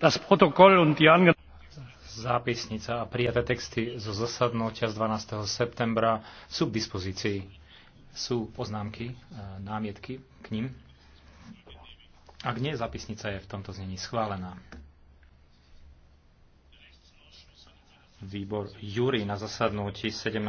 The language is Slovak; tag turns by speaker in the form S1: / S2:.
S1: Das Protokoll und die Zápisnica a prijaté texty zo zasadnutia z 12. septembra sú k dispozícii. Sú poznámky, e, námietky k ním? Ak nie, zápisnica je v tomto znení schválená. Výbor Júri na zasadnutí 17.